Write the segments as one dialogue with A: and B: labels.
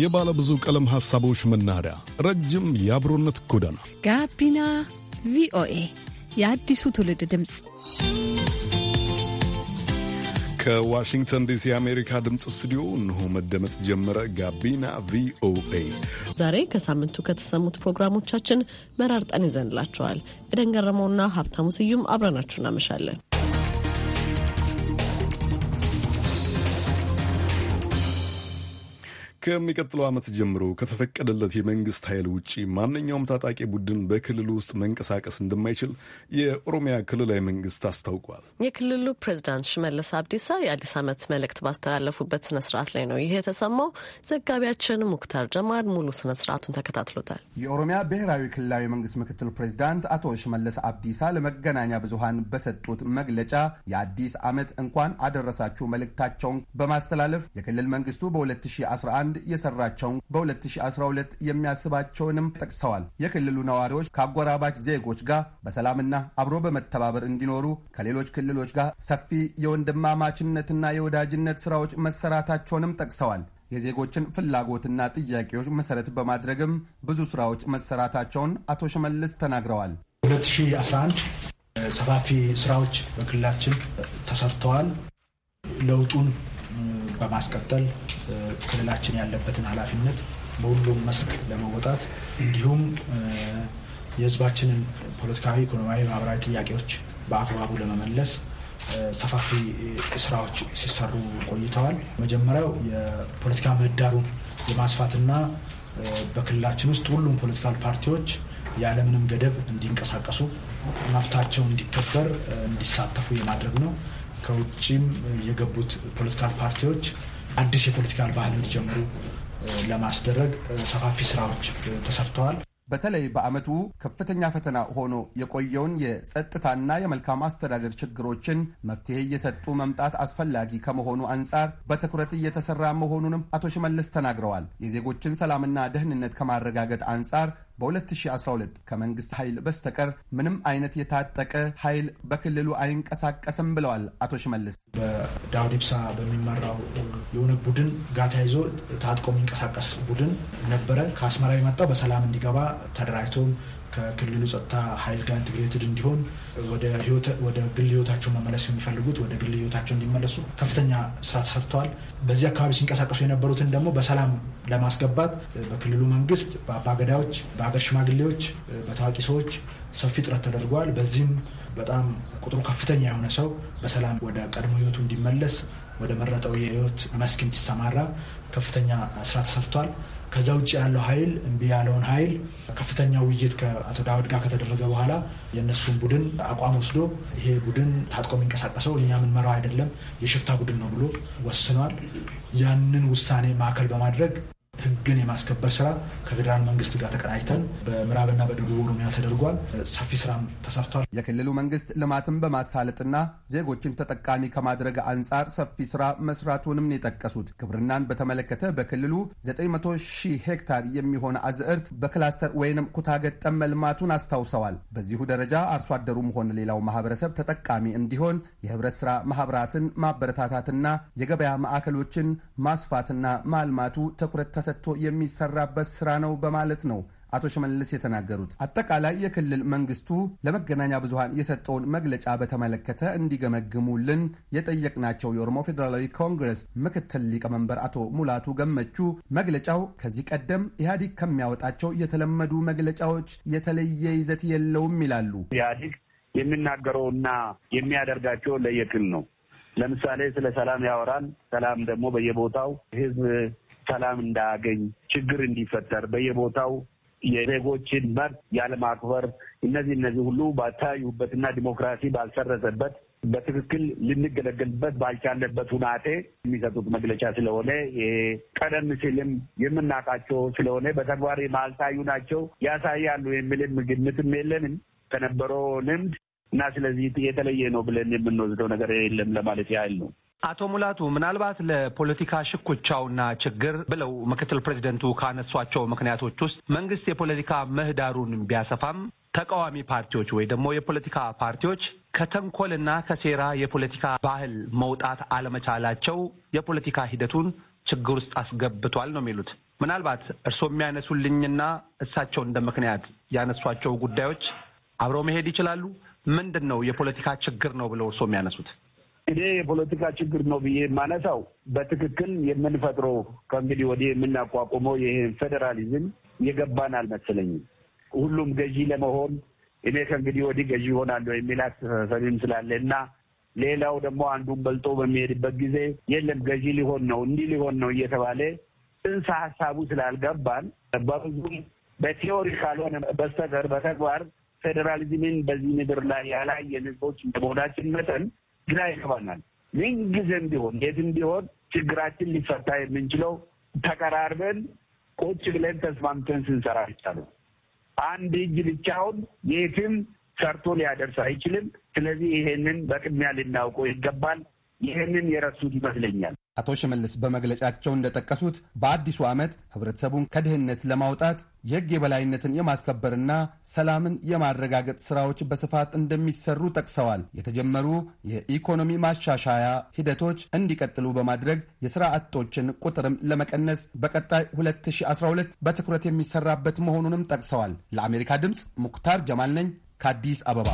A: የባለ ብዙ ቀለም ሐሳቦች መናኸሪያ፣ ረጅም የአብሮነት ጎዳና
B: ጋቢና ቪኦኤ የአዲሱ ትውልድ ድምፅ
A: ከዋሽንግተን ዲሲ የአሜሪካ ድምፅ ስቱዲዮ እንሆ መደመጥ ጀመረ። ጋቢና ቪኦኤ
C: ዛሬ ከሳምንቱ ከተሰሙት ፕሮግራሞቻችን መራርጠን ይዘንላቸዋል። ኤደን ገረመውና ሀብታሙ ስዩም አብረናችሁ እናመሻለን።
A: ከሚቀጥለው ዓመት ጀምሮ ከተፈቀደለት የመንግስት ኃይል ውጪ ማንኛውም ታጣቂ ቡድን በክልሉ ውስጥ መንቀሳቀስ እንደማይችል የኦሮሚያ ክልላዊ መንግስት አስታውቋል።
C: የክልሉ ፕሬዚዳንት ሽመለስ አብዲሳ የአዲስ ዓመት መልእክት ባስተላለፉበት ስነ ስርዓት ላይ ነው ይሄ የተሰማው። ዘጋቢያችን ሙክታር ጀማል ሙሉ ስነ ስርዓቱን ተከታትሎታል።
D: የኦሮሚያ ብሔራዊ ክልላዊ መንግስት ምክትል ፕሬዚዳንት አቶ ሽመለስ አብዲሳ ለመገናኛ ብዙሃን በሰጡት መግለጫ የአዲስ ዓመት እንኳን አደረሳችሁ መልእክታቸውን በማስተላለፍ የክልል መንግስቱ በ2011 ዘንድ የሰራቸውን በ2012 የሚያስባቸውንም ጠቅሰዋል። የክልሉ ነዋሪዎች ከአጎራባች ዜጎች ጋር በሰላምና አብሮ በመተባበር እንዲኖሩ ከሌሎች ክልሎች ጋር ሰፊ የወንድማማችነትና የወዳጅነት ስራዎች መሰራታቸውንም ጠቅሰዋል። የዜጎችን ፍላጎትና ጥያቄዎች መሰረት በማድረግም ብዙ ስራዎች መሰራታቸውን አቶ ሽመልስ ተናግረዋል።
E: 2011 ሰፋፊ ስራዎች በክልላችን ተሰርተዋል። ለውጡን በማስቀጠል ክልላችን ያለበትን ኃላፊነት በሁሉም መስክ ለመወጣት እንዲሁም የህዝባችንን ፖለቲካዊ፣ ኢኮኖሚያዊ፣ ማህበራዊ ጥያቄዎች በአግባቡ ለመመለስ ሰፋፊ ስራዎች ሲሰሩ ቆይተዋል። መጀመሪያው የፖለቲካ ምህዳሩን የማስፋትና በክልላችን ውስጥ ሁሉም ፖለቲካል ፓርቲዎች ያለምንም ገደብ እንዲንቀሳቀሱ መብታቸው እንዲከበር እንዲሳተፉ የማድረግ ነው። ከውጭም
D: የገቡት ፖለቲካል ፓርቲዎች አዲስ የፖለቲካል ባህል እንዲጀምሩ ለማስደረግ ሰፋፊ ስራዎች ተሰርተዋል። በተለይ በዓመቱ ከፍተኛ ፈተና ሆኖ የቆየውን የጸጥታና የመልካም አስተዳደር ችግሮችን መፍትሄ እየሰጡ መምጣት አስፈላጊ ከመሆኑ አንጻር በትኩረት እየተሰራ መሆኑንም አቶ ሽመልስ ተናግረዋል። የዜጎችን ሰላምና ደህንነት ከማረጋገጥ አንጻር በ2012 ከመንግስት ኃይል በስተቀር ምንም አይነት የታጠቀ ኃይል በክልሉ አይንቀሳቀስም ብለዋል አቶ ሽመልስ። በዳውድ ኢብሳ በሚመራው የሆነ ቡድን
E: ጋር ተያይዞ ታጥቆ
D: የሚንቀሳቀስ ቡድን
E: ነበረ። ከአስመራ የመጣው በሰላም እንዲገባ ተደራጅቶም ከክልሉ ጸጥታ ኃይል ጋር ኢንትግሬትድ እንዲሆን ወደ ግል ህይወታቸው መመለስ የሚፈልጉት ወደ ግል ህይወታቸው እንዲመለሱ ከፍተኛ ስራ ተሰርተዋል። በዚህ አካባቢ ሲንቀሳቀሱ የነበሩትን ደግሞ በሰላም ለማስገባት በክልሉ መንግስት፣ በአባገዳዎች፣ በሀገር ሽማግሌዎች፣ በታዋቂ ሰዎች ሰፊ ጥረት ተደርጓል። በዚህም በጣም ቁጥሩ ከፍተኛ የሆነ ሰው በሰላም ወደ ቀድሞ ህይወቱ እንዲመለስ ወደ መረጠው የህይወት መስክ እንዲሰማራ ከፍተኛ ስራ ተሰርቷል። ከዛ ውጭ ያለው ኃይል እምቢ ያለውን ኃይል ከፍተኛ ውይይት ከአቶ ዳውድ ጋር ከተደረገ በኋላ የእነሱን ቡድን አቋም ወስዶ ይሄ ቡድን ታጥቆ የሚንቀሳቀሰው እኛ የምንመራው አይደለም፣ የሽፍታ ቡድን ነው ብሎ ወስኗል። ያንን ውሳኔ ማዕከል በማድረግ ህግን የማስከበር
D: ስራ ከፌዴራል መንግስት ጋር ተቀናጅተን በምዕራብና በደቡብ ኦሮሚያ ተደርጓል። ሰፊ ስራም ተሰርቷል። የክልሉ መንግስት ልማትን በማሳለጥና ዜጎችን ተጠቃሚ ከማድረግ አንጻር ሰፊ ስራ መስራቱንም የጠቀሱት ግብርናን በተመለከተ በክልሉ 900 ሺህ ሄክታር የሚሆን አዝዕርት በክላስተር ወይንም ኩታ ገጠም መልማቱን አስታውሰዋል። በዚሁ ደረጃ አርሶ አደሩም ሆነ ሌላው ማህበረሰብ ተጠቃሚ እንዲሆን የህብረት ስራ ማህበራትን ማበረታታትና የገበያ ማዕከሎችን ማስፋትና ማልማቱ ትኩረት ተሰጥቶ የሚሰራበት ስራ ነው በማለት ነው አቶ ሽመልስ የተናገሩት አጠቃላይ የክልል መንግስቱ ለመገናኛ ብዙሀን የሰጠውን መግለጫ በተመለከተ እንዲገመግሙልን የጠየቅናቸው የኦሮሞ ፌዴራላዊ ኮንግረስ ምክትል ሊቀመንበር አቶ ሙላቱ ገመቹ መግለጫው ከዚህ ቀደም ኢህአዲግ ከሚያወጣቸው የተለመዱ መግለጫዎች የተለየ ይዘት የለውም ይላሉ።
F: ኢህአዲግ የሚናገረውና የሚያደርጋቸው ለየቅል ነው። ለምሳሌ ስለ ሰላም ያወራል። ሰላም ደግሞ በየቦታው ህዝብ ሰላም እንዳያገኝ፣ ችግር እንዲፈጠር በየቦታው የዜጎችን መብት ያለማክበር እነዚህ እነዚህ ሁሉ ባታዩበትና ዲሞክራሲ ባልሰረሰበት በትክክል ልንገለገልበት ባልቻለበት ሁናቴ የሚሰጡት መግለጫ ስለሆነ ቀደም ሲልም የምናውቃቸው ስለሆነ በተግባር ማልታዩ ናቸው ያሳያሉ የሚልም ግምትም የለንም ከነበረው ልምድ እና ስለዚህ የተለየ ነው ብለን የምንወስደው ነገር የለም ለማለት ያህል ነው።
D: አቶ ሙላቱ ምናልባት ለፖለቲካ ሽኩቻውና ችግር ብለው ምክትል ፕሬዚደንቱ ካነሷቸው ምክንያቶች ውስጥ መንግስት የፖለቲካ ምህዳሩን ቢያሰፋም ተቃዋሚ ፓርቲዎች ወይ ደግሞ የፖለቲካ ፓርቲዎች ከተንኮልና ከሴራ የፖለቲካ ባህል መውጣት አለመቻላቸው የፖለቲካ ሂደቱን ችግር ውስጥ አስገብቷል ነው የሚሉት። ምናልባት እርስዎ የሚያነሱልኝና እሳቸው እንደ ምክንያት ያነሷቸው ጉዳዮች አብረው መሄድ ይችላሉ። ምንድን ነው የፖለቲካ ችግር ነው ብለው እርስዎ የሚያነሱት?
F: እኔ የፖለቲካ ችግር ነው ብዬ የማነሳው በትክክል የምንፈጥረው ከእንግዲህ ወዲህ የምናቋቁመው ይህን ፌዴራሊዝም የገባን አልመሰለኝም። ሁሉም ገዢ ለመሆን እኔ ከእንግዲህ ወዲህ ገዢ እሆናለሁ የሚል አስተሳሰብም ስላለ እና ሌላው ደግሞ አንዱን በልጦ በሚሄድበት ጊዜ የለም ገዢ ሊሆን ነው እንዲህ ሊሆን ነው እየተባለ ጽንሰ ሀሳቡ ስላልገባን በብዙም በቴዎሪ ካልሆነ በስተቀር በተግባር ፌዴራሊዝምን በዚህ ምድር ላይ ያላየን ህዝቦች እንደመሆናችን መጠን ግራ ይገባናል። ምን ቢሆን የትም ቢሆን ችግራችን ሊፈታ የምንችለው ተቀራርበን ቁጭ ብለን ተስማምተን ስንሰራ ይቻላል። አንድ እጅ ብቻውን የትም ሰርቶ ሊያደርስ አይችልም። ስለዚህ ይሄንን በቅድሚያ ልናውቀው ይገባል። ይህንን የረሱት
D: ይመስለኛል። አቶ ሽመልስ በመግለጫቸው እንደጠቀሱት በአዲሱ ዓመት ህብረተሰቡን ከድህነት ለማውጣት የሕግ የበላይነትን የማስከበርና ሰላምን የማረጋገጥ ሥራዎች በስፋት እንደሚሰሩ ጠቅሰዋል። የተጀመሩ የኢኮኖሚ ማሻሻያ ሂደቶች እንዲቀጥሉ በማድረግ የሥራ አጦችን ቁጥርም ለመቀነስ በቀጣይ 2012 በትኩረት የሚሰራበት መሆኑንም ጠቅሰዋል። ለአሜሪካ ድምፅ ሙክታር ጀማል ነኝ ከአዲስ አበባ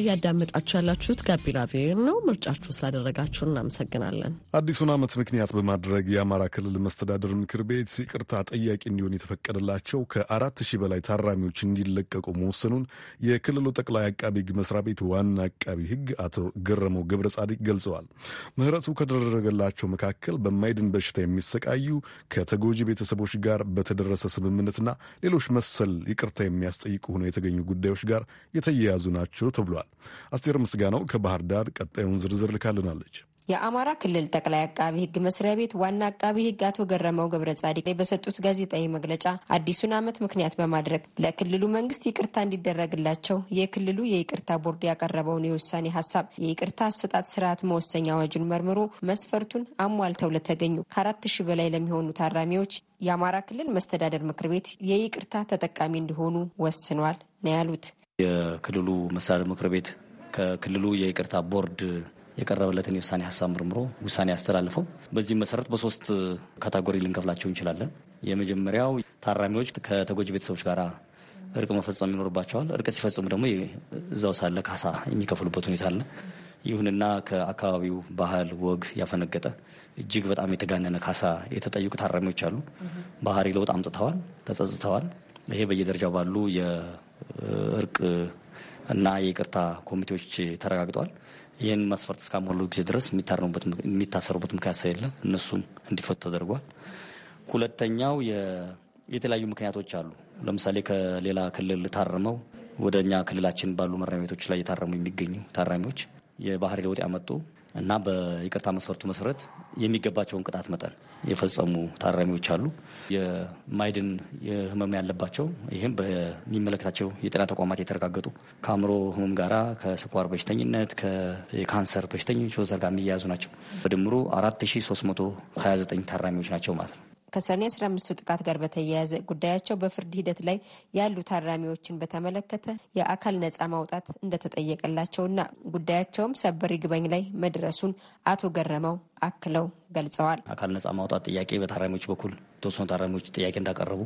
C: እያዳመጣችሁ ያላችሁት ጋቢና ቪኦኤ ነው። ምርጫችሁ ስላደረጋችሁ እናመሰግናለን።
A: አዲሱን ዓመት ምክንያት በማድረግ የአማራ ክልል መስተዳደር ምክር ቤት ይቅርታ ጠያቂ እንዲሆን የተፈቀደላቸው ከአራት ሺህ በላይ ታራሚዎች እንዲለቀቁ መወሰኑን የክልሉ ጠቅላይ አቃቢ ሕግ መስሪያ ቤት ዋና አቃቢ ሕግ አቶ ገረመው ገብረ ጻዲቅ ገልጸዋል። ምህረቱ ከተደረገላቸው መካከል በማይድን በሽታ የሚሰቃዩ ከተጎጂ ቤተሰቦች ጋር በተደረሰ ስምምነትና ሌሎች መሰል ይቅርታ የሚያስጠይቁ ሆነው የተገኙ ጉዳዮች ጋር የተያያዙ ናቸው ተብሏል። ይገኛል። አስቴር ምስጋናው ከባህር ዳር ቀጣዩን ዝርዝር ልካልናለች።
G: የአማራ ክልል ጠቅላይ አቃቢ ሕግ መስሪያ ቤት ዋና አቃቢ ሕግ አቶ ገረመው ገብረ ጻዲቅ በሰጡት ጋዜጣዊ መግለጫ አዲሱን ዓመት ምክንያት በማድረግ ለክልሉ መንግስት ይቅርታ እንዲደረግላቸው የክልሉ የይቅርታ ቦርድ ያቀረበውን የውሳኔ ሀሳብ የይቅርታ አሰጣጥ ስርዓት መወሰኛ አዋጁን መርምሮ መስፈርቱን አሟልተው ለተገኙ ከአራት ሺህ በላይ ለሚሆኑ ታራሚዎች የአማራ ክልል መስተዳደር ምክር ቤት የይቅርታ ተጠቃሚ እንዲሆኑ ወስኗል ነው ያሉት።
H: የክልሉ መስተዳድር ምክር ቤት ከክልሉ የይቅርታ ቦርድ የቀረበለትን የውሳኔ ሀሳብ ምርምሮ ውሳኔ ያስተላልፈው። በዚህም መሰረት በሶስት ካታጎሪ ልንከፍላቸው እንችላለን። የመጀመሪያው ታራሚዎች ከተጎጂ ቤተሰቦች ጋር እርቅ መፈጸም ይኖርባቸዋል። እርቅ ሲፈጽሙ ደግሞ እዛው ሳለ ካሳ የሚከፍሉበት ሁኔታ አለ። ይሁንና ከአካባቢው ባህል ወግ ያፈነገጠ እጅግ በጣም የተጋነነ ካሳ የተጠየቁ ታራሚዎች አሉ። ባህሪ ለውጥ አምጥተዋል፣ ተጸጽተዋል። ይሄ በየደረጃው ባሉ እርቅ እና የይቅርታ ኮሚቴዎች ተረጋግጠዋል። ይህን መስፈርት እስካሞሉ ጊዜ ድረስ የሚታሰሩበት ምክንያት ስለሌለ እነሱም እንዲፈቱ ተደርጓል። ሁለተኛው የተለያዩ ምክንያቶች አሉ። ለምሳሌ ከሌላ ክልል ታርመው ወደ እኛ ክልላችን ባሉ ማረሚያ ቤቶች ላይ የታረሙ የሚገኙ ታራሚዎች የባህሪ ለውጥ ያመጡ እና በይቅርታ መስፈርቱ መሰረት የሚገባቸውን ቅጣት መጠን የፈጸሙ ታራሚዎች አሉ። የማይድን ህመም ያለባቸው ይህም በሚመለከታቸው የጤና ተቋማት የተረጋገጡ ከአእምሮ ህመም ጋራ ከስኳር በሽተኝነት ከካንሰር በሽተኞች ወዘር ጋር የሚያያዙ ናቸው። በድምሩ 4329 ታራሚዎች ናቸው ማለት ነው።
G: ከሰኔ 15ቱ ጥቃት ጋር በተያያዘ ጉዳያቸው በፍርድ ሂደት ላይ ያሉ ታራሚዎችን በተመለከተ የአካል ነጻ ማውጣት እንደተጠየቀላቸውና ጉዳያቸውም ሰበር ይግባኝ ላይ መድረሱን አቶ ገረመው አክለው
H: ገልጸዋል። አካል ነጻ ማውጣት ጥያቄ በታራሚዎች በኩል የተወሰኑ ታራሚዎች ጥያቄ እንዳቀረቡ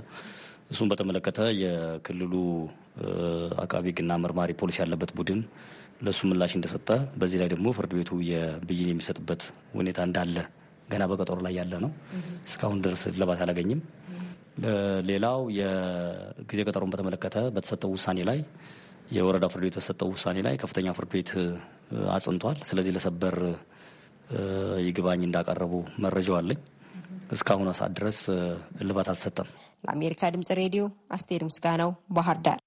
H: እሱን በተመለከተ የክልሉ አቃቢ ሕግና መርማሪ ፖሊስ ያለበት ቡድን ለእሱ ምላሽ እንደሰጠ በዚህ ላይ ደግሞ ፍርድ ቤቱ የብይን የሚሰጥበት ሁኔታ እንዳለ ገና በቀጠሮ ላይ ያለ ነው። እስካሁን ድረስ እልባት አላገኝም። ሌላው የጊዜ ቀጠሮን በተመለከተ በተሰጠው ውሳኔ ላይ የወረዳ ፍርድ ቤት በተሰጠው ውሳኔ ላይ ከፍተኛ ፍርድ ቤት አጽንቷል። ስለዚህ ለሰበር ይግባኝ እንዳቀረቡ መረጃው አለኝ። እስካሁን ሰዓት ድረስ እልባት አልተሰጠም።
G: ለአሜሪካ ድምጽ ሬዲዮ አስቴር ምስጋናው ባህር ዳር።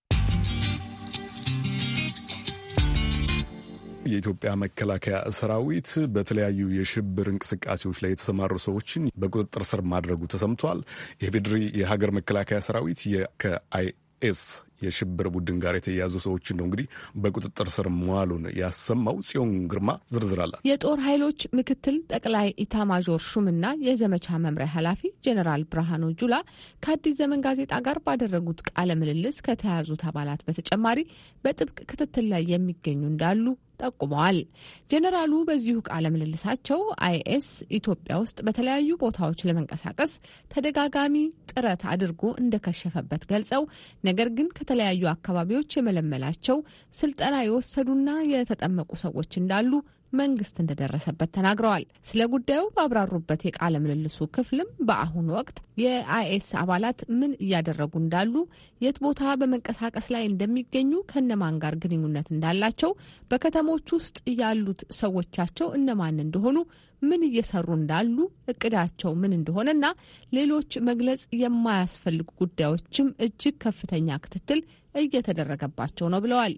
A: የኢትዮጵያ መከላከያ ሰራዊት በተለያዩ የሽብር እንቅስቃሴዎች ላይ የተሰማሩ ሰዎችን በቁጥጥር ስር ማድረጉ ተሰምቷል። የፌዴሪ የሀገር መከላከያ ሰራዊት ከአይኤስ የሽብር ቡድን ጋር የተያያዙ ሰዎችን ነው እንግዲህ በቁጥጥር ስር መዋሉን ያሰማው። ጽዮን ግርማ ዝርዝር አላት።
B: የጦር ኃይሎች ምክትል ጠቅላይ ኢታማዦር ሹምና የዘመቻ መምሪያ ኃላፊ ጀኔራል ብርሃኑ ጁላ ከአዲስ ዘመን ጋዜጣ ጋር ባደረጉት ቃለ ምልልስ ከተያዙት አባላት በተጨማሪ በጥብቅ ክትትል ላይ የሚገኙ እንዳሉ ጠቁመዋል። ጄኔራሉ በዚሁ ቃለ ምልልሳቸው አይኤስ ኢትዮጵያ ውስጥ በተለያዩ ቦታዎች ለመንቀሳቀስ ተደጋጋሚ ጥረት አድርጎ እንደከሸፈበት ገልጸው ነገር ግን ከተለያዩ አካባቢዎች የመለመላቸው ስልጠና የወሰዱና የተጠመቁ ሰዎች እንዳሉ መንግስት እንደደረሰበት ተናግረዋል። ስለ ጉዳዩ ባብራሩበት የቃለ ምልልሱ ክፍልም በአሁኑ ወቅት የአይኤስ አባላት ምን እያደረጉ እንዳሉ፣ የት ቦታ በመንቀሳቀስ ላይ እንደሚገኙ፣ ከነማን ጋር ግንኙነት እንዳላቸው፣ በከተሞች ውስጥ ያሉት ሰዎቻቸው እነማን እንደሆኑ ምን እየሰሩ እንዳሉ እቅዳቸው ምን እንደሆነና ሌሎች መግለጽ የማያስፈልጉ ጉዳዮችም እጅግ ከፍተኛ ክትትል እየተደረገባቸው ነው ብለዋል።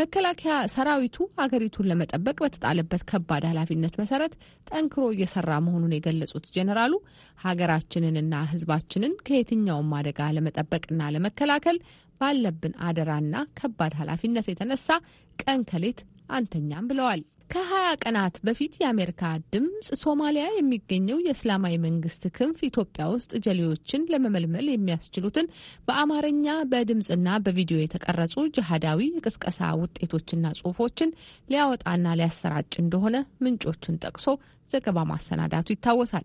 B: መከላከያ ሰራዊቱ አገሪቱን ለመጠበቅ በተጣለበት ከባድ ኃላፊነት መሰረት ጠንክሮ እየሰራ መሆኑን የገለጹት ጄኔራሉ ሀገራችንንና ሕዝባችንን ከየትኛውም አደጋ ለመጠበቅና ለመከላከል ባለብን አደራና ከባድ ኃላፊነት የተነሳ ቀን ከሌት አንተኛም ብለዋል። ከ ከ20 ቀናት በፊት የአሜሪካ ድምፅ ሶማሊያ የሚገኘው የእስላማዊ መንግስት ክንፍ ኢትዮጵያ ውስጥ ጀሌዎችን ለመመልመል የሚያስችሉትን በአማርኛ በድምፅና በቪዲዮ የተቀረጹ ጅሃዳዊ የቅስቀሳ ውጤቶችና ጽሁፎችን ሊያወጣና ሊያሰራጭ እንደሆነ ምንጮቹን ጠቅሶ ዘገባ ማሰናዳቱ ይታወሳል።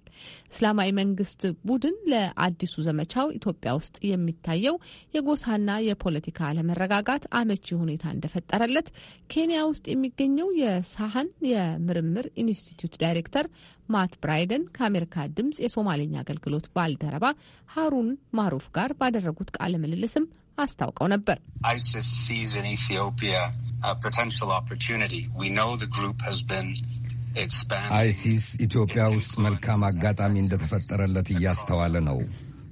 B: እስላማዊ መንግስት ቡድን ለአዲሱ ዘመቻው ኢትዮጵያ ውስጥ የሚታየው የጎሳና የፖለቲካ አለመረጋጋት አመቺ ሁኔታ እንደፈጠረለት ኬንያ ውስጥ የሚገኘው የሳ ብርሃን የምርምር ኢንስቲትዩት ዳይሬክተር ማት ብራይደን ከአሜሪካ ድምጽ የሶማሌኛ አገልግሎት ባልደረባ ሀሩን ማሩፍ ጋር ባደረጉት ቃለ ምልልስም አስታውቀው ነበር።
I: አይሲስ ሲዝ ኢን ኢትዮጵያ ፖቴንሻል ኦፖርቹኒቲ ዊ ኖው ዘ ግሩፕ ሃዝ ቢን አይሲስ ኢትዮጵያ ውስጥ መልካም አጋጣሚ እንደተፈጠረለት እያስተዋለ ነው።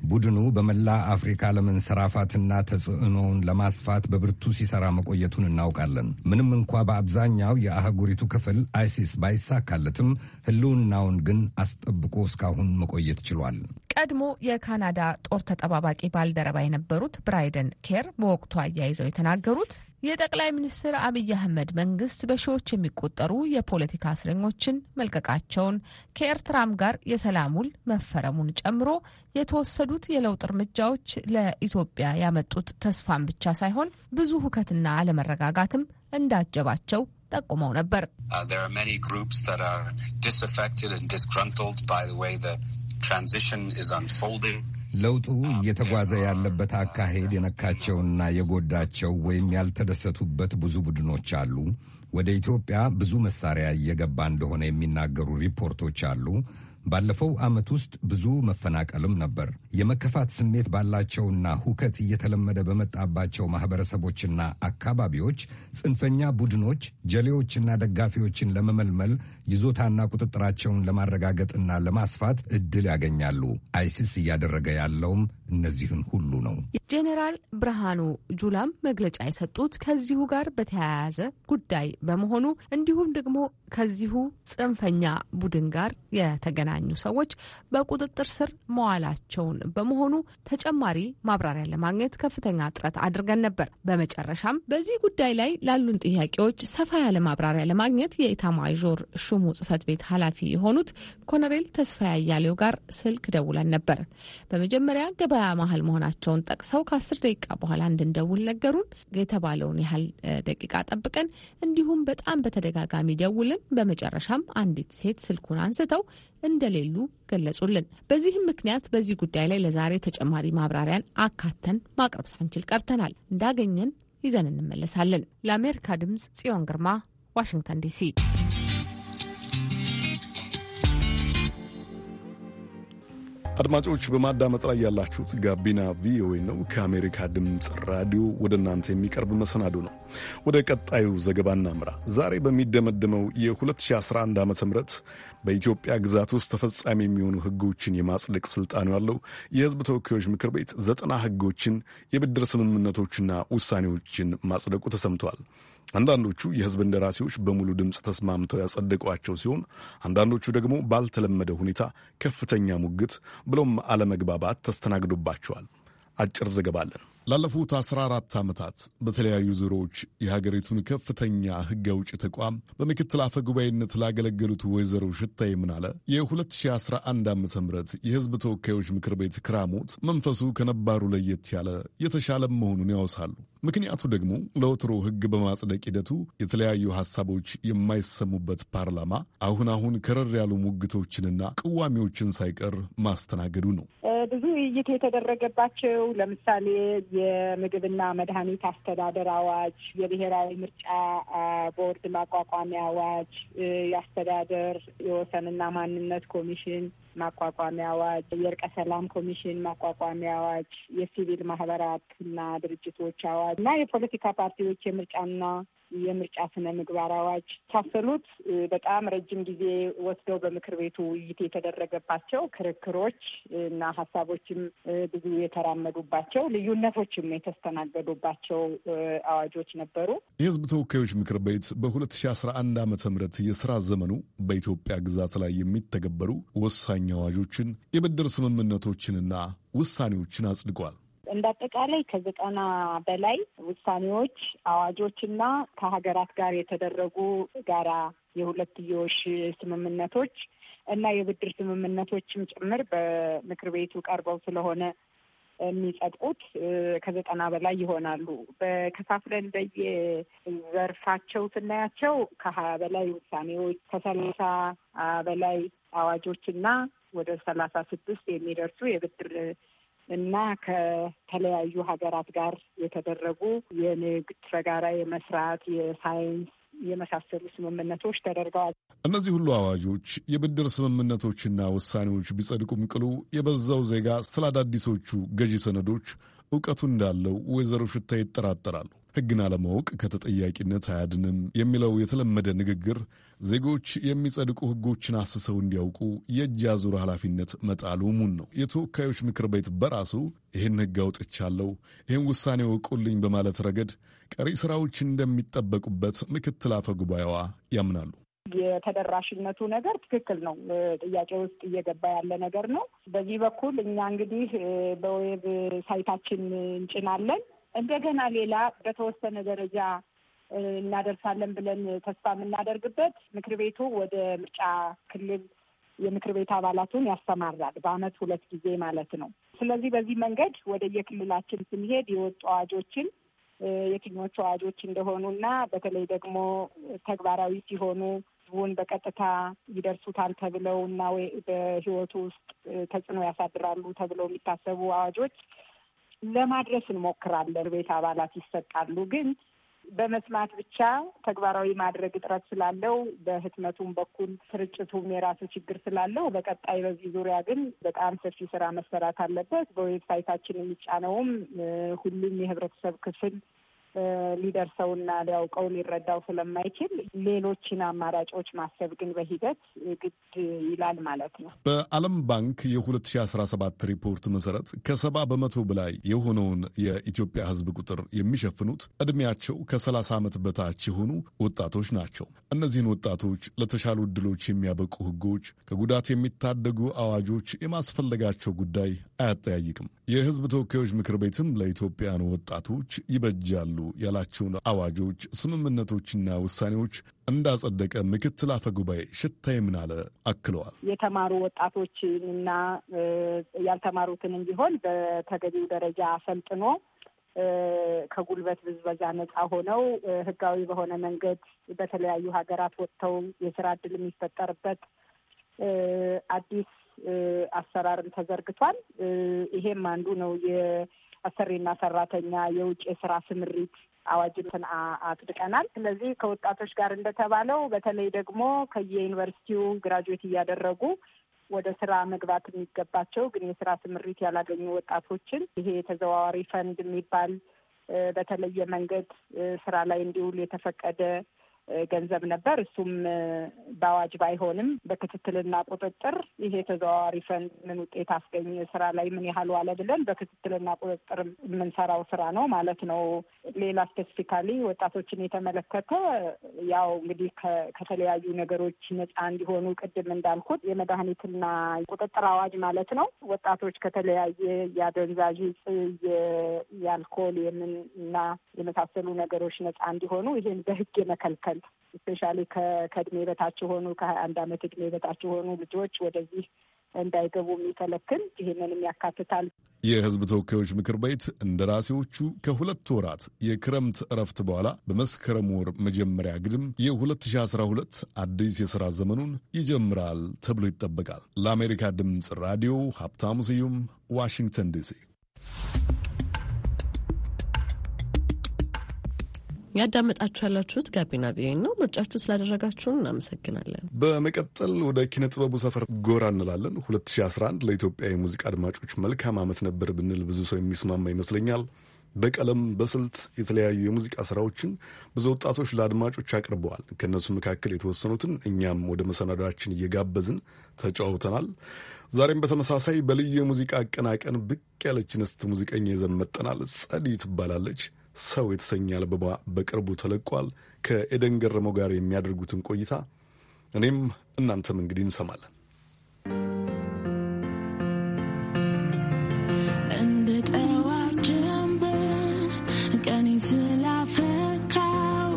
I: ቡድኑ በመላ አፍሪካ ለመንሰራፋትና ተጽዕኖውን ለማስፋት በብርቱ ሲሰራ መቆየቱን እናውቃለን። ምንም እንኳ በአብዛኛው የአህጉሪቱ ክፍል አይሲስ ባይሳካለትም ሕልውናውን ግን አስጠብቆ እስካሁን መቆየት ችሏል።
B: ቀድሞ የካናዳ ጦር ተጠባባቂ ባልደረባ የነበሩት ብራይደን ኬር በወቅቱ አያይዘው የተናገሩት የጠቅላይ ሚኒስትር አብይ አህመድ መንግስት በሺዎች የሚቆጠሩ የፖለቲካ እስረኞችን መልቀቃቸውን ከኤርትራም ጋር የሰላም ውል መፈረሙን ጨምሮ የተወሰዱት የለውጥ እርምጃዎች ለኢትዮጵያ ያመጡት ተስፋን ብቻ ሳይሆን ብዙ ሁከትና አለመረጋጋትም እንዳጀባቸው ጠቁመው ነበር።
I: uh, ለውጡ እየተጓዘ ያለበት አካሄድ የነካቸውና የጎዳቸው ወይም ያልተደሰቱበት ብዙ ቡድኖች አሉ። ወደ ኢትዮጵያ ብዙ መሳሪያ እየገባ እንደሆነ የሚናገሩ ሪፖርቶች አሉ። ባለፈው ዓመት ውስጥ ብዙ መፈናቀልም ነበር። የመከፋት ስሜት ባላቸውና ሁከት እየተለመደ በመጣባቸው ማህበረሰቦችና አካባቢዎች ጽንፈኛ ቡድኖች ጀሌዎችና ደጋፊዎችን ለመመልመል ይዞታና ቁጥጥራቸውን ለማረጋገጥና ለማስፋት እድል ያገኛሉ። አይሲስ እያደረገ ያለውም እነዚህን ሁሉ ነው።
B: ጄኔራል ብርሃኑ ጁላም መግለጫ የሰጡት ከዚሁ ጋር በተያያዘ ጉዳይ በመሆኑ እንዲሁም ደግሞ ከዚሁ ጽንፈኛ ቡድን ጋር የተገናኙ ሰዎች በቁጥጥር ስር መዋላቸውን በመሆኑ ተጨማሪ ማብራሪያ ለማግኘት ከፍተኛ ጥረት አድርገን ነበር። በመጨረሻም በዚህ ጉዳይ ላይ ላሉን ጥያቄዎች ሰፋ ያለ ማብራሪያ ለማግኘት የኢታማዦር ሹሙ ጽህፈት ቤት ኃላፊ የሆኑት ኮሎኔል ተስፋዬ አያሌው ጋር ስልክ ደውለን ነበር። በመጀመሪያ ገበያ መሀል መሆናቸውን ጠቅሰው ከአስር ደቂቃ በኋላ እንድንደውል ነገሩን። የተባለውን ያህል ደቂቃ ጠብቀን እንዲሁም በጣም በተደጋጋሚ ደውልን። በመጨረሻም አንዲት ሴት ስልኩን አንስተው እንደሌሉ ገለጹልን። በዚህም ምክንያት በዚህ ጉዳይ ላይ ለዛሬ ተጨማሪ ማብራሪያን አካተን ማቅረብ ሳንችል ቀርተናል። እንዳገኘን ይዘን እንመለሳለን። ለአሜሪካ ድምፅ ጽዮን ግርማ ዋሽንግተን ዲሲ
A: አድማጮች በማዳመጥ ላይ ያላችሁት ጋቢና ቪኦኤ ነው። ከአሜሪካ ድምፅ ራዲዮ ወደ እናንተ የሚቀርብ መሰናዶ ነው። ወደ ቀጣዩ ዘገባ እናምራ። ዛሬ በሚደመደመው የ2011 ዓ ም በኢትዮጵያ ግዛት ውስጥ ተፈጻሚ የሚሆኑ ህጎችን የማጽደቅ ስልጣኑ ያለው የህዝብ ተወካዮች ምክር ቤት ዘጠና ህጎችን የብድር ስምምነቶችና ውሳኔዎችን ማጽደቁ ተሰምተዋል። አንዳንዶቹ የህዝብ እንደራሴዎች በሙሉ ድምፅ ተስማምተው ያጸደቋቸው ሲሆን አንዳንዶቹ ደግሞ ባልተለመደ ሁኔታ ከፍተኛ ሙግት ብሎም አለመግባባት ተስተናግዶባቸዋል። አጭር ዘገባ ላለፉት 14 ዓመታት በተለያዩ ዙሮዎች የሀገሪቱን ከፍተኛ ሕግ አውጭ ተቋም በምክትል አፈ ጉባኤነት ላገለገሉት ወይዘሮ ሽታ ምናለ የ2011 ዓ ም የሕዝብ ተወካዮች ምክር ቤት ክራሞት መንፈሱ ከነባሩ ለየት ያለ የተሻለ መሆኑን ያወሳሉ። ምክንያቱ ደግሞ ለወትሮ ሕግ በማጽደቅ ሂደቱ የተለያዩ ሐሳቦች የማይሰሙበት ፓርላማ አሁን አሁን ከረር ያሉ ሙግቶችንና ቅዋሚዎችን ሳይቀር ማስተናገዱ ነው።
J: ብዙ ውይይት የተደረገባቸው ለምሳሌ የምግብና መድኃኒት አስተዳደር አዋጅ፣ የብሔራዊ ምርጫ ቦርድ ማቋቋሚያ አዋጅ፣ የአስተዳደር የወሰንና ማንነት ኮሚሽን ማቋቋሚያ አዋጅ፣ የእርቀ ሰላም ኮሚሽን ማቋቋሚያ አዋጅ፣ የሲቪል ማህበራትና ድርጅቶች አዋጅ እና የፖለቲካ ፓርቲዎች የምርጫና የምርጫ ስነ ምግባር አዋጅ ታሰሉት በጣም ረጅም ጊዜ ወስደው በምክር ቤቱ ውይይት የተደረገባቸው ክርክሮች እና ሀሳቦች አዋጆችም ብዙ የተራመዱባቸው ልዩነቶችም የተስተናገዱባቸው አዋጆች ነበሩ።
A: የህዝብ ተወካዮች ምክር ቤት በ2011 ዓ ም የስራ ዘመኑ በኢትዮጵያ ግዛት ላይ የሚተገበሩ ወሳኝ አዋጆችን፣ የብድር ስምምነቶችንና ውሳኔዎችን አጽድቋል።
J: እንደ አጠቃላይ ከዘጠና በላይ ውሳኔዎች፣ አዋጆችና ከሀገራት ጋር የተደረጉ ጋራ የሁለትዮሽ ስምምነቶች እና የብድር ስምምነቶችም ጭምር በምክር ቤቱ ቀርበው ስለሆነ የሚጸድቁት ከዘጠና በላይ ይሆናሉ። በከፋፍለን በየዘርፋቸው ስናያቸው ከሀያ በላይ ውሳኔዎች ከሰላሳ በላይ አዋጆች እና ወደ ሰላሳ ስድስት የሚደርሱ የብድር እና ከተለያዩ ሀገራት ጋር የተደረጉ የንግድ በጋራ የመስራት የሳይንስ የመሳሰሉ ስምምነቶች ተደርገዋል።
A: እነዚህ ሁሉ አዋጆች፣ የብድር ስምምነቶችና ውሳኔዎች ቢጸድቁም ቅሉ የበዛው ዜጋ ስለ አዳዲሶቹ ገዢ ሰነዶች እውቀቱ እንዳለው ወይዘሮ ሽታ ይጠራጠራሉ። ሕግን አለማወቅ ከተጠያቂነት አያድንም የሚለው የተለመደ ንግግር ዜጎች የሚጸድቁ ሕጎችን አስሰው እንዲያውቁ የእጅ አዙር ኃላፊነት መጣሉ ሙን ነው። የተወካዮች ምክር ቤት በራሱ ይህን ሕግ አውጥቻለሁ፣ ይህን ውሳኔ ወቁልኝ በማለት ረገድ ቀሪ ሥራዎች እንደሚጠበቁበት ምክትል አፈ ጉባኤዋ ያምናሉ።
J: የተደራሽነቱ ነገር ትክክል ነው፣ ጥያቄ ውስጥ እየገባ ያለ ነገር ነው። በዚህ በኩል እኛ እንግዲህ በዌብ ሳይታችን እንጭናለን። እንደገና ሌላ በተወሰነ ደረጃ እናደርሳለን ብለን ተስፋ የምናደርግበት ምክር ቤቱ ወደ ምርጫ ክልል የምክር ቤት አባላቱን ያሰማራል በአመት ሁለት ጊዜ ማለት ነው። ስለዚህ በዚህ መንገድ ወደ የክልላችን ስንሄድ የወጡ አዋጆችን የትኞቹ አዋጆች እንደሆኑ እና በተለይ ደግሞ ተግባራዊ ሲሆኑ ህዝቡን በቀጥታ ይደርሱታል ተብለው እና ወይ በህይወቱ ውስጥ ተጽዕኖ ያሳድራሉ ተብለው የሚታሰቡ አዋጆች ለማድረስ እንሞክራለን። ቤት አባላት ይሰጣሉ ግን በመስማት ብቻ ተግባራዊ ማድረግ እጥረት ስላለው በህትመቱም በኩል ስርጭቱም የራሱ ችግር ስላለው በቀጣይ በዚህ ዙሪያ ግን በጣም ሰፊ ስራ መሰራት አለበት። በዌብሳይታችን የሚጫነውም ሁሉም የህብረተሰብ ክፍል ሊደርሰውና ሊያውቀው ሊረዳው ስለማይችል ሌሎችን አማራጮች ማሰብ ግን በሂደት ግድ ይላል ማለት ነው።
A: በዓለም ባንክ የ2017 ሪፖርት መሰረት ከሰባ በመቶ በላይ የሆነውን የኢትዮጵያ ሕዝብ ቁጥር የሚሸፍኑት እድሜያቸው ከ30 ዓመት በታች የሆኑ ወጣቶች ናቸው። እነዚህን ወጣቶች ለተሻሉ እድሎች የሚያበቁ ሕጎች፣ ከጉዳት የሚታደጉ አዋጆች የማስፈለጋቸው ጉዳይ አያጠያይቅም። የሕዝብ ተወካዮች ምክር ቤትም ለኢትዮጵያን ወጣቶች ይበጃሉ ያላቸውን አዋጆች፣ ስምምነቶችና ውሳኔዎች እንዳጸደቀ ምክትል አፈ ጉባኤ ሽታዬ ምናለ አክለዋል።
J: የተማሩ ወጣቶችንና ያልተማሩትንም ቢሆን በተገቢው ደረጃ አሰልጥኖ ከጉልበት ብዝበዛ ነፃ ሆነው ህጋዊ በሆነ መንገድ በተለያዩ ሀገራት ወጥተው የስራ እድል የሚፈጠርበት አዲስ አሰራርን ተዘርግቷል። ይሄም አንዱ ነው አሰሪና ሰራተኛ የውጭ የስራ ስምሪት አዋጅን አጽድቀናል። ስለዚህ ከወጣቶች ጋር እንደተባለው በተለይ ደግሞ ከየዩኒቨርሲቲው ግራጁዌት እያደረጉ ወደ ስራ መግባት የሚገባቸው ግን የስራ ስምሪት ያላገኙ ወጣቶችን ይሄ የተዘዋዋሪ ፈንድ የሚባል በተለየ መንገድ ስራ ላይ እንዲውል የተፈቀደ ገንዘብ ነበር። እሱም በአዋጅ ባይሆንም በክትትልና ቁጥጥር ይሄ ተዘዋዋሪ ፈንድ ምን ውጤት አስገኝ ስራ ላይ ምን ያህል ዋለ ብለን በክትትልና ቁጥጥር የምንሰራው ስራ ነው ማለት ነው። ሌላ ስፔሲፊካሊ ወጣቶችን የተመለከተ ያው እንግዲህ ከተለያዩ ነገሮች ነጻ እንዲሆኑ ቅድም እንዳልኩት የመድኃኒትና ቁጥጥር አዋጅ ማለት ነው። ወጣቶች ከተለያየ የአደንዛዥ እጽ፣ የአልኮል የምንና የመሳሰሉ ነገሮች ነጻ እንዲሆኑ ይሄን በህግ የመከልከል ስፔሻሊ ከእድሜ በታች የሆኑ ከሀያ አንድ አመት እድሜ በታች የሆኑ ልጆች ወደዚህ እንዳይገቡ የሚከለክል ይህንንም ያካትታል።
A: የህዝብ ተወካዮች ምክር ቤት እንደራሴዎቹ ከሁለት ወራት የክረምት እረፍት በኋላ በመስከረም ወር መጀመሪያ ግድም የ2012 አዲስ የሥራ ዘመኑን ይጀምራል ተብሎ ይጠበቃል። ለአሜሪካ ድምፅ ራዲዮ ሀብታሙ ስዩም ዋሽንግተን ዲሲ
C: ያዳመጣችሁ ያላችሁት ጋቢና ቪኦኤ ነው። ምርጫችሁ ስላደረጋችሁን እናመሰግናለን።
A: በመቀጠል ወደ ኪነ ጥበቡ ሰፈር ጎራ እንላለን። 2011 ለኢትዮጵያ የሙዚቃ አድማጮች መልካም ዓመት ነበር ብንል ብዙ ሰው የሚስማማ ይመስለኛል። በቀለም በስልት የተለያዩ የሙዚቃ ስራዎችን ብዙ ወጣቶች ለአድማጮች አቅርበዋል። ከእነሱ መካከል የተወሰኑትን እኛም ወደ መሰናዷችን እየጋበዝን ተጫውተናል። ዛሬም በተመሳሳይ በልዩ የሙዚቃ አቀናቀን ብቅ ያለችን ስት ሙዚቀኛ ይዘን መጠናል። ጸዲ ትባላለች። ሰው የተሰኘ አልበባ በቅርቡ ተለቋል። ከኤደን ገረመው ጋር የሚያደርጉትን ቆይታ እኔም እናንተም እንግዲህ እንሰማለን።
I: እንደ
K: ጠዋት ጀንበር ቀኔ ስላፈካው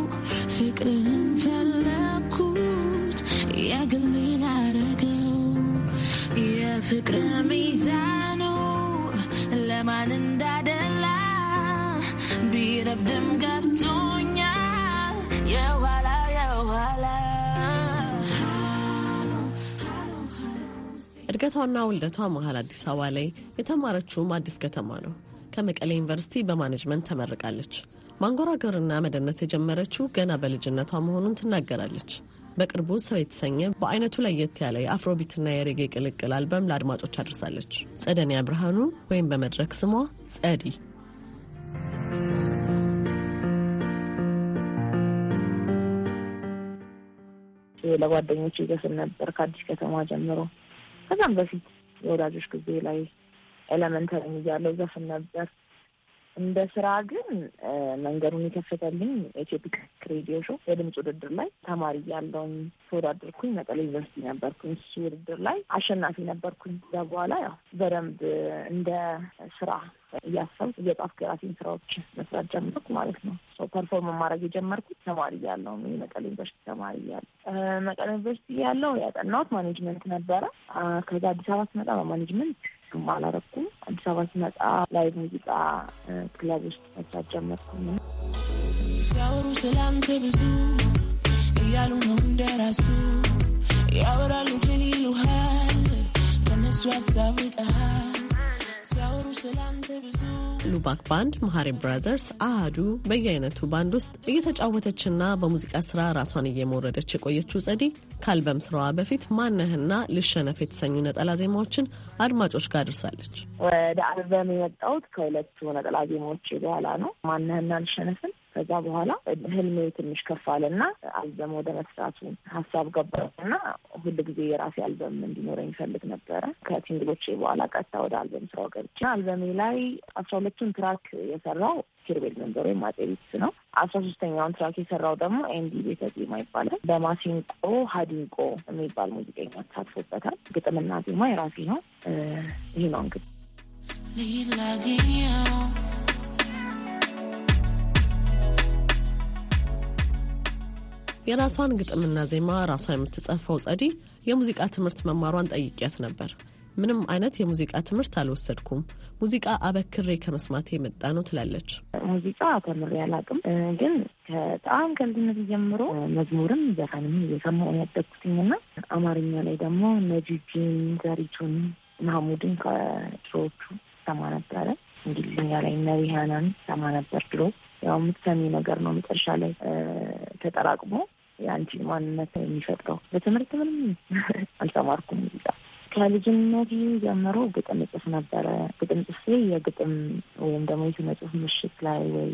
K: ፍቅርህን ፈለኩት የግሌን አረገው የፍቅር ሚዛን ገብቶኛል የኋላ የኋላ
C: እድገቷና ውልደቷ መሀል አዲስ አበባ ላይ የተማረችውም አዲስ ከተማ ነው። ከመቀሌ ዩኒቨርሲቲ በማኔጅመንት ተመርቃለች። ማንጎራገርና መደነስ የጀመረችው ገና በልጅነቷ መሆኑን ትናገራለች። በቅርቡ ሰው የተሰኘ በአይነቱ ለየት ያለ የአፍሮቢትና የሬጌ ቅልቅል አልበም ለአድማጮች አድርሳለች። ጸደኒያ ብርሃኑ ወይም በመድረክ ስሟ ጸዲ
L: ለጓደኞች ይዘፍን ነበር ከአዲስ ከተማ ጀምሮ። ከዛም በፊት የወዳጆች ጊዜ ላይ ኤለመንተሪ እያለሁ ዘፍን ነበር። እንደ ስራ ግን መንገዱን የከፈተልኝ ኢትዮፒክ ሬዲዮ ሾው የድምፅ ውድድር ላይ ተማሪ ያለውን ተወዳደርኩኝ። መቀሌ ዩኒቨርሲቲ ነበርኩኝ። እሱ ውድድር ላይ አሸናፊ ነበርኩኝ። እዛ በኋላ ያው በደንብ እንደ ስራ እያሰብኩ እየጻፍኩ የራሴን ስራዎች መስራት ጀመርኩ ማለት ነው። ፐርፎርም ማድረግ የጀመርኩት ተማሪ ያለው መቀሌ ዩኒቨርሲቲ ተማሪ ያለ መቀሌ ዩኒቨርሲቲ ያለው ያጠናሁት ማኔጅመንት ነበረ። ከዛ አዲስ አበባ ስመጣ በማኔጅመንት እሱም አላረኩም። አዲስ አበባ ስመጣ ላይ ሙዚቃ ክለብ ውስጥ መስራት ጀመርኩኝ።
K: ሲያወሩ ስላንተ ብዙ እያሉ ነው እንደራሱ ያወራሉ ግን ይሉሃል ከነሱ ሀሳብ ቃል
C: ሉባክ ባንድ፣ መሀሪ ብራዘርስ፣ አህዱ በየአይነቱ ባንድ ውስጥ እየተጫወተችና በሙዚቃ ስራ ራሷን እየመወረደች የቆየችው ጸዲ ከአልበም ስራዋ በፊት ማነህና ልሸነፍ የተሰኙ ነጠላ ዜማዎችን አድማጮች ጋር ደርሳለች።
L: ወደ አልበም የመጣሁት ከሁለቱ ነጠላ ዜማዎች በኋላ ነው። ማነህና ልሸነፍን ከዛ በኋላ ህልሜ ትንሽ ከፍ አለና አልበም ወደ መስራቱ ሀሳብ ና ሁል ጊዜ የራሴ አልበም እንዲኖረኝ ይፈልግ ነበረ። ከሲንግሎቼ በኋላ ቀጥታ ወደ አልበም ስራው ገብቼ አልበሜ ላይ አስራ ሁለቱን ትራክ የሰራው ኪርቤል መንበር ወይም አጤ ቤትስ ነው። አስራ ሶስተኛውን ትራክ የሰራው ደግሞ ኤንዲ ቤተዜማ ይባላል። በማሲንቆ ሀዲንቆ የሚባል ሙዚቀኛ ተሳትፎበታል። ግጥምና ዜማ የራሴ ነው። ይህ ነው እንግዲህ
C: የራሷን ግጥምና ዜማ ራሷ የምትጽፈው ጸዲ የሙዚቃ ትምህርት መማሯን ጠይቄያት ነበር። ምንም አይነት የሙዚቃ ትምህርት አልወሰድኩም፣ ሙዚቃ አበክሬ ከመስማቴ የመጣ ነው ትላለች። ሙዚቃ ተምሬ አላውቅም፣ ግን በጣም ከልጅነት
L: ጀምሮ መዝሙርም ዘፈንም እየሰማሁ ያደግኩትኝ እና አማርኛ ላይ ደግሞ ነጂጂን፣ ዘሪቱን፣ ማህሙድን ከድሮዎቹ ሰማ ነበረ። እንግሊዝኛ ላይ እነ ሰማ ነበር ድሮ። ያው የምትሰሚ ነገር ነው መጨረሻ ላይ ተጠራቅሞ የአንቺን ማንነት የሚፈጥረው። በትምህርት ምንም አልተማርኩም ሙዚቃ ከልጅነት ጀምሮ ግጥም ጽፍ ነበረ። ግጥም ጽፌ የግጥም ወይም ደግሞ የስነ ጽሁፍ ምሽት ላይ ወይ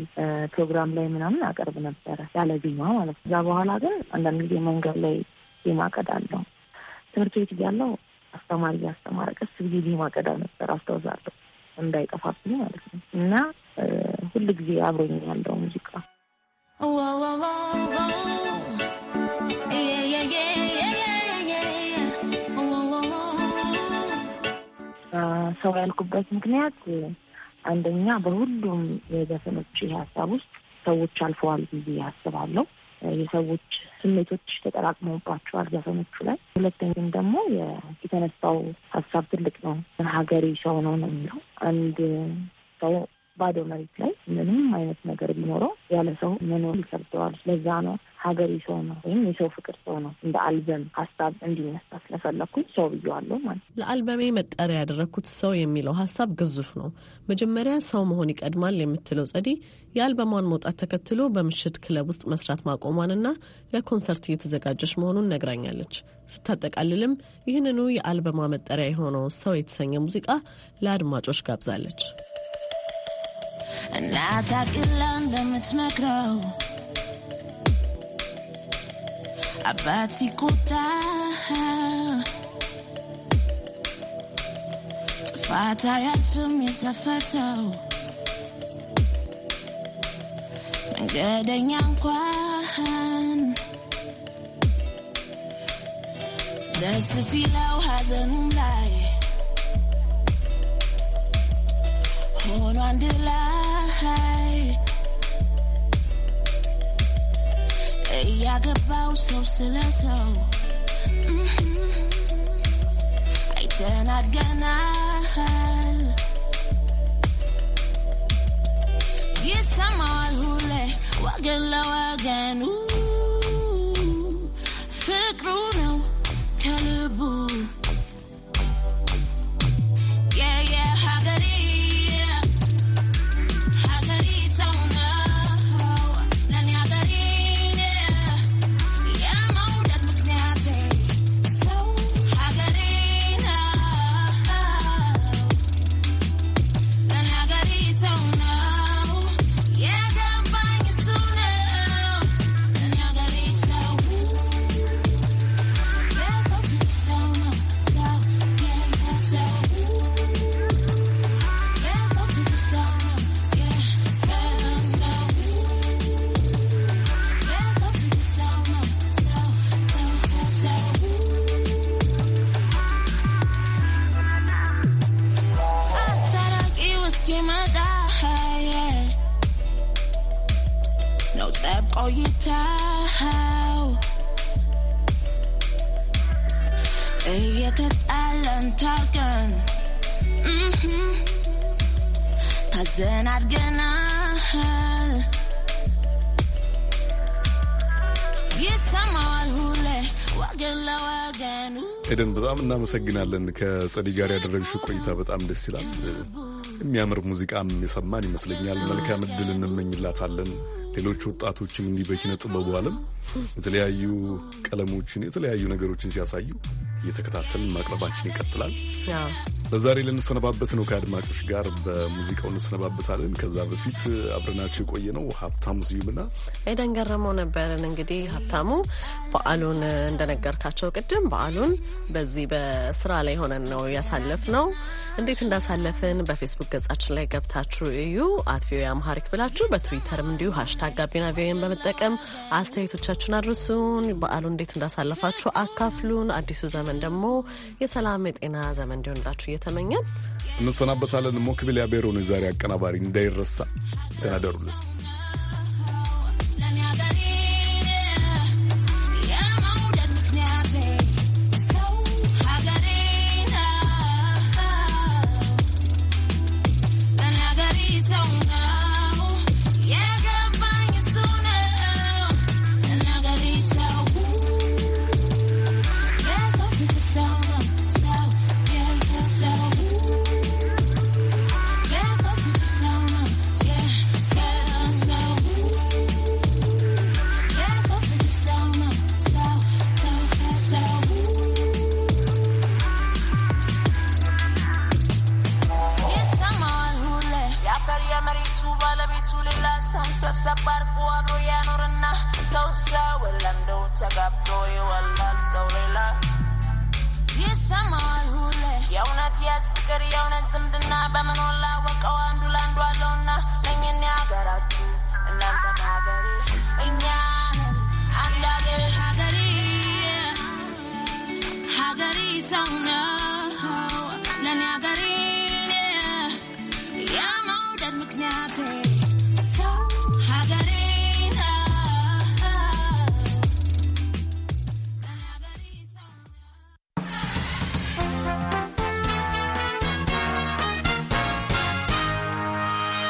L: ፕሮግራም ላይ ምናምን አቀርብ ነበረ ያለ ዜማ ማለት ነው። እዛ በኋላ ግን አንዳንድ ጊዜ መንገድ ላይ ዜማ ቀዳለው። ትምህርት ቤት እያለው አስተማሪ እያስተማረ ቀስ ጊዜ ዜማ ቀዳ ነበር አስታውሳለሁ፣ እንዳይጠፋብኝ ማለት ነው። እና ሁል ጊዜ አብሮኝ ያለው ሙዚቃ ሰው ያልኩበት ምክንያት አንደኛ በሁሉም የዘፈኖች ሀሳብ ውስጥ ሰዎች አልፈዋል ብዬ አስባለሁ። የሰዎች ስሜቶች ተጠራቅመውባቸዋል ዘፈኖቹ ላይ። ሁለተኛም ደግሞ የተነሳው ሀሳብ ትልቅ ነው። ሀገሬ ሰው ነው ነው የሚለው አንድ ሰው ባዶ መሬት ላይ ምንም አይነት ነገር ቢኖረው ያለ ሰው መኖር ይከብደዋል። ለዛ ነው ሀገር ሰው ነው ወይም የሰው ፍቅር ሰው ነው እንደ አልበም ሀሳብ እንዲነሳ ስለፈለግኩኝ ሰው
C: ብዬዋለሁ ማለት ነው። ለአልበሜ መጠሪያ ያደረግኩት ሰው የሚለው ሀሳብ ግዙፍ ነው። መጀመሪያ ሰው መሆን ይቀድማል የምትለው ጸዲ የአልበሟን መውጣት ተከትሎ በምሽት ክለብ ውስጥ መስራት ማቆሟንና ለኮንሰርት እየተዘጋጀች መሆኑን ነግራኛለች። ስታጠቃልልም ይህንኑ የአልበሟ መጠሪያ የሆነው ሰው የተሰኘ ሙዚቃ ለአድማጮች ጋብዛለች።
K: and I take it London, it's my grow. Abati kuta Tafata ya film yasafaso Mengede nyankwan Desi silau hazanumlai Born on the line. Hey, I could bounce so silly, so. Mm -hmm. I turn out ganal. Yes, I'm all hule. low again. Ooh. ጠብ ቆይታው እየተጣለን ታርቀን ታዘን አድገናል። ይሰማዋል ሁሌ ወገን ለወገኑ።
A: ኤደን በጣም እናመሰግናለን። ከጸዲ ጋር ያደረግሽው ቆይታ በጣም ደስ ይላል። የሚያምር ሙዚቃም የሰማን ይመስለኛል። መልካም እድል እንመኝላታለን። ሌሎች ወጣቶችም እንዲህ በኪነ ጥበቡ ዓለም የተለያዩ ቀለሞችን የተለያዩ ነገሮችን ሲያሳዩ እየተከታተልን ማቅረባችን ይቀጥላል። ለዛሬ ልንሰነባበት ነው። ከአድማጮች ጋር በሙዚቃው እንሰነባበታለን። ከዛ በፊት አብረናቸው የቆየ ነው ሀብታሙ ስዩምና
C: ኤደን ገረመው ነበርን። እንግዲህ ሀብታሙ በዓሉን እንደነገርካቸው ቅድም በዓሉን በዚህ በስራ ላይ ሆነን ነው ያሳለፍ ነው። እንዴት እንዳሳለፍን በፌስቡክ ገጻችን ላይ ገብታችሁ እዩ። አት ቪኦኤ አምሃሪክ ብላችሁ በትዊተርም እንዲሁ ሀሽታግ ጋቢና ቪኦኤን በመጠቀም አስተያየቶቻችሁን አድርሱን። በዓሉን እንዴት እንዳሳለፋችሁ አካፍሉን። አዲሱ ዘመን ዘመን ደግሞ የሰላም የጤና ዘመን እንዲሆንላችሁ እየተመኘን
A: እንሰናበታለን። ሞክቢል ያቤሮ ነው የዛሬ አቀናባሪ። እንዳይረሳ ተናደሩልን።